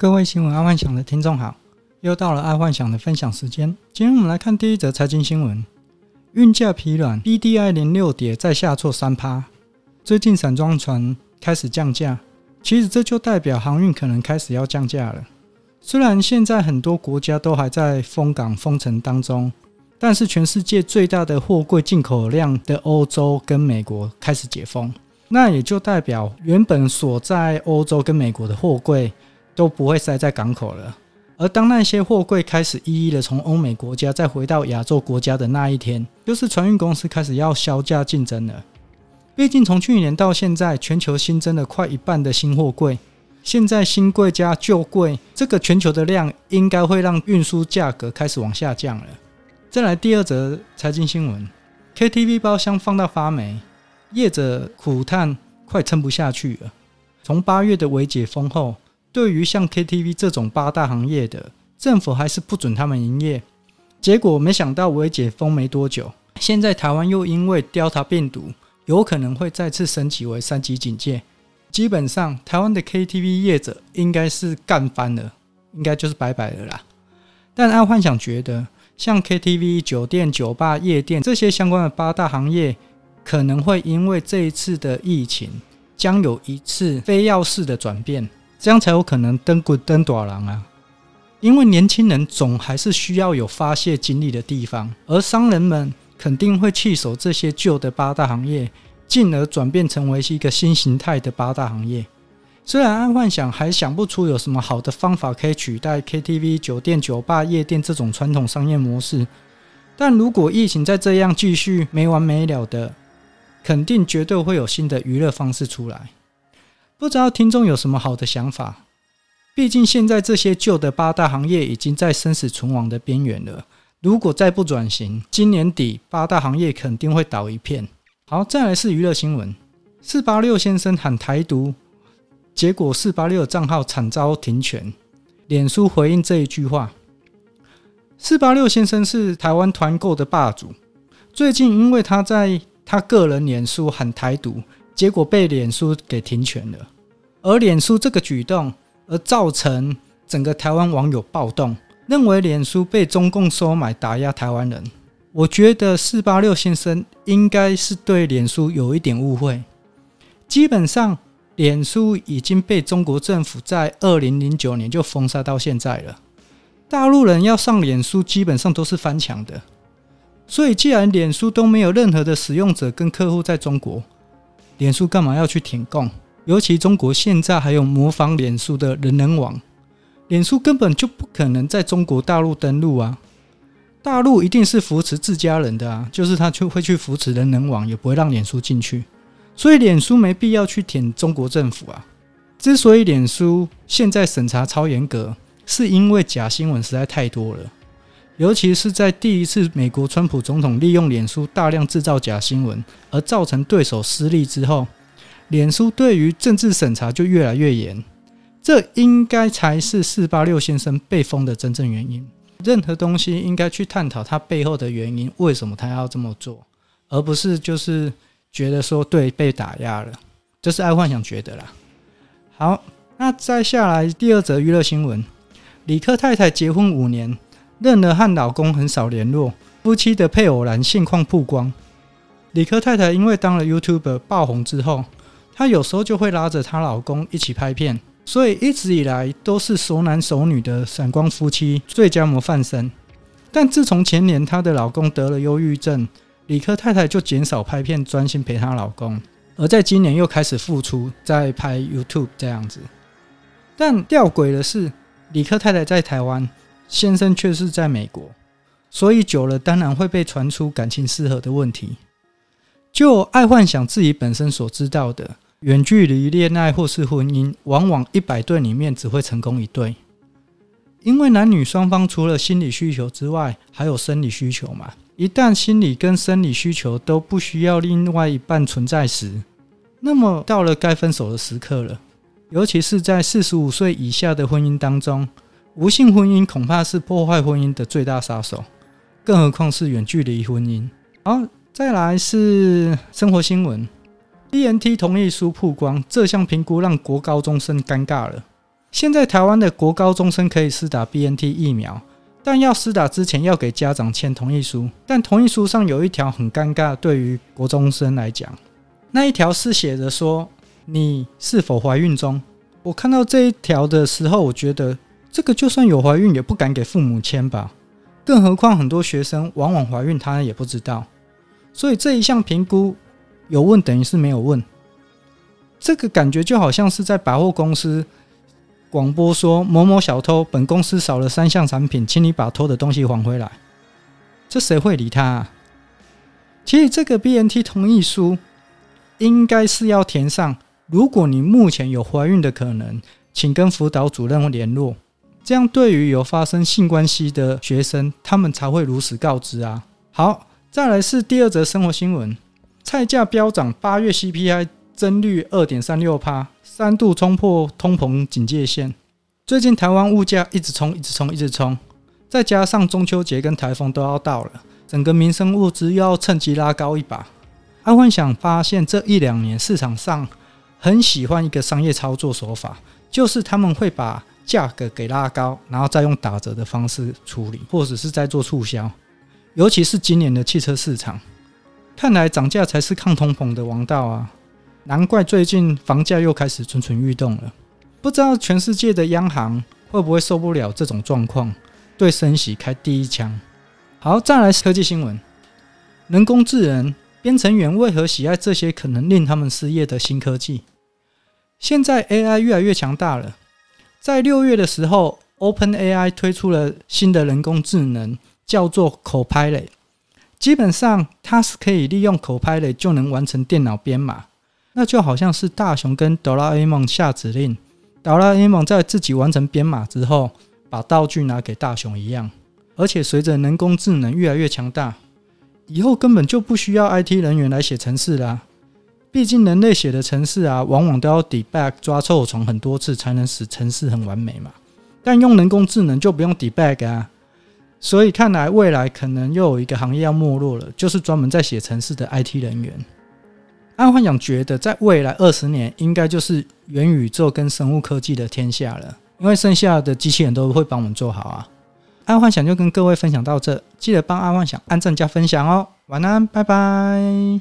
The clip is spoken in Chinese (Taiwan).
各位新聞愛幻想的聽眾好，又到了愛幻想的分享時間。今天我們來看第一則財經新聞：運價疲軟，BDI 連六跌再下挫三趴。最近散裝船開始降價，其實這就代表航運可能開始要降價了。雖然現在很多國家都還在封港封城當中，但是全世界最大的貨櫃進口量的歐洲跟美國開始解封，那也就代表原本所在歐洲跟美國的貨櫃。都不會塞在港口了。而當那些貨櫃開始一一的從歐美國家再回到亞洲國家的那一天，就是船運公司開始要削價競爭了。畢竟從去年到現在，全球新增了快一半的新貨櫃，現在新櫃加舊櫃，這個全球的量應該會讓運輸價格開始往下降了。再來第二則財經新聞，KTV 包廂放到發霉，業者苦嘆快撐不下去了。從八月的微解封後。對於像 KTV 這種八大行業的，政府還是不准他們營業，結果沒想到微解封沒多久，現在台灣又因為 Delta 病毒，有可能會再次升級為三級警戒。基本上，台灣的 KTV 業者應該是幹翻了，應該就是拜拜了啦。但按幻想覺得，像 KTV、酒店、酒吧、夜店這些相關的八大行業，可能會因為這一次的疫情，將有一次非要式的轉變。這樣才有可能登滾登多爾狼啊！因為年輕人總還是需要有發洩精力的地方，而商人們肯定會棄守這些舊的八大行業，進而轉變成為一個新形態的八大行業。雖然安幻想還想不出有什麼好的方法可以取代 KTV、酒店、酒吧、夜店這種傳統商業模式，但如果疫情再這樣繼續沒完沒了的，肯定絕對會有新的娛樂方式出來。不知道聽眾有什麼好的想法，畢竟現在這些舊的八大行業已經在生死存亡的邊緣了，如果再不轉型，今年底八大行業肯定會倒一片。好，再來是娛樂新聞，四八六先生喊台獨，結果四八六的賬號慘遭停權。臉書回應這一句話：四八六先生是台灣團購的霸主，最近因為他在他個人臉書喊台獨。結果被臉書給停權了，而臉書這個舉動，而造成整個台灣網友暴動，認為臉書被中共收買打壓台灣人。我覺得四八六先生應該是對臉書有一點誤會。基本上，臉書已經被中國政府在二零零九年就封殺到現在了。大陸人要上臉書，基本上都是翻牆的。所以，既然臉書都沒有任何的使用者跟客戶在中國。臉書幹嘛要去舔共？尤其中國現在還有模仿臉書的人人網，臉書根本就不可能在中國大陸登陸啊！大陸一定是扶持自家人的啊，就是他就會去扶持人人網，也不會讓臉書進去。所以臉書沒必要去舔中國政府啊。之所以臉書現在審查超嚴格，是因為假新聞實在太多了。尤其是在第一次美國川普總統利用臉書大量制造假新聞，而造成對手失利之後，臉書對於政治審查就越來越嚴。這應該才是四八六先生被封的真正原因。任何東西應該去探討他背後的原因，為什麼他要這麼做，而不是就是覺得說對被打壓了，這是愛幻想覺得啦。好，那再下來第二則娛樂新聞：理科太太結婚五年。認了，和老公很少聯絡，夫妻的配偶欄現況曝光。理科太太因為當了 YouTuber 爆紅之後，她有時候就會拉着她老公一起拍片，所以一直以來都是熟男熟女的閃光夫妻最佳模範生。但自從前年她的老公得了憂鬱症，理科太太就減少拍片，專心陪她老公。而在今年又開始復出，在拍 YouTube 這樣子。但吊詭的是，理科太太在台灣，先生卻是在美國，所以久了當然會被傳出感情失和的問題。就愛幻想自己本身所知道的，遠距離戀愛或是婚姻，往往一百對裡面只會成功一對，因為男女雙方除了心理需求之外，還有生理需求嘛。一旦心理跟生理需求都不需要另外一半存在時，那麼到了該分手的時刻了，尤其是在四十五歲以下的婚姻當中。無性婚姻恐怕是破壞婚姻的最大殺手，更何況是遠距離婚姻。好，再來是生活新聞，BNT 同意書曝光，這項評估讓國高中生尷尬了。現在台灣的國高中生可以施打 BNT 疫苗，但要施打之前要給家長簽同意書，但同意書上有一條很尷尬，對於國中生來講，那一條是寫着說：“你是否懷孕中？”我看到這一條的時候，我覺得。這個就算有懷孕也不敢給父母簽吧，更何況很多學生往往懷孕他也不知道，所以這一項評估有問等於是沒有問，這個感覺就好像是在百貨公司廣播說某某小偷，本公司少了三項產品，請你把偷的東西還回來，這誰會理他啊？其實這個 BNT 同意書應該是要填上，如果你目前有懷孕的可能，請跟輔導主任聯絡。這樣，對於有發生性關係的學生，他們才會如實告知啊。好，再來是第二則生活新聞：菜價飆漲，八月 CPI 增率二點三六趴，三度衝破通膨警戒線。最近台灣物價一直衝，一直衝，一直衝，一直衝，再加上中秋節跟台風都要到了，整個民生物資又要趁機拉高一把、啊。安幻想發現，這一兩年市場上很喜歡一個商業操作手法，就是他們會把。價格給拉高，然後再用打折的方式處理，或者是在做促銷。尤其是今年的汽車市場，看來漲價才是抗通膨的王道啊！難怪最近房價又開始蠢蠢欲動了。不知道全世界的央行會不會受不了這種狀況，對升息開第一槍？好，再來科技新聞：人工智能編程員為何喜愛這些可能令他們失業的新科技？現在 AI 越來越強大了。在六月的時候，OpenAI 推出了新的人工智能，叫做 Copilot。基本上，它是可以利用 Copilot 就能完成電腦編碼，那就好像是大雄跟哆啦 A 夢下指令，哆啦 A 夢在自己完成編碼之後，把道具拿給大雄一樣。而且，隨着人工智能越來越強大，以後根本就不需要 IT 人員來寫程式啦啊。畢竟人類寫的程式啊，往往都要 debug 抓臭蟲很多次，才能使程式很完美嘛。但用人工智能就不用 debug 啊，所以看來未來可能又有一個行業要沒落了，就是專門在寫程式的 IT 人員。安幻想覺得，在未來二十年，應該就是元宇宙跟生物科技的天下了，因為剩下的機器人都會幫我們做好啊。安幻想就跟各位分享到這，記得幫安幻想按讚加分享哦。晚安，拜拜。